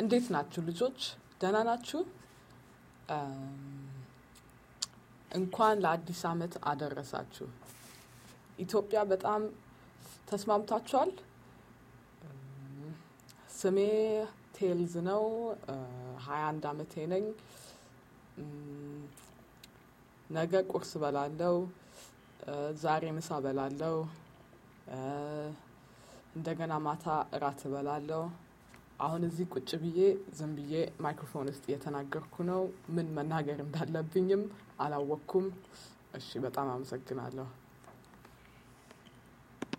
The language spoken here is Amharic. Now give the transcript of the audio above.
እንዴት ናችሁ ልጆች? ደህና ናችሁ? እንኳን ለአዲስ ዓመት አደረሳችሁ። ኢትዮጵያ በጣም ተስማምታችኋል። ስሜ ቴልዝ ነው። ሀያ አንድ አመቴ ነኝ። ነገ ቁርስ በላለው፣ ዛሬ ምሳ በላለው፣ እንደገና ማታ እራት በላለው። አሁን እዚህ ቁጭ ብዬ ዝም ብዬ ማይክሮፎን ውስጥ እየተናገርኩ ነው። ምን መናገር እንዳለብኝም አላወቅኩም። እሺ፣ በጣም አመሰግናለሁ።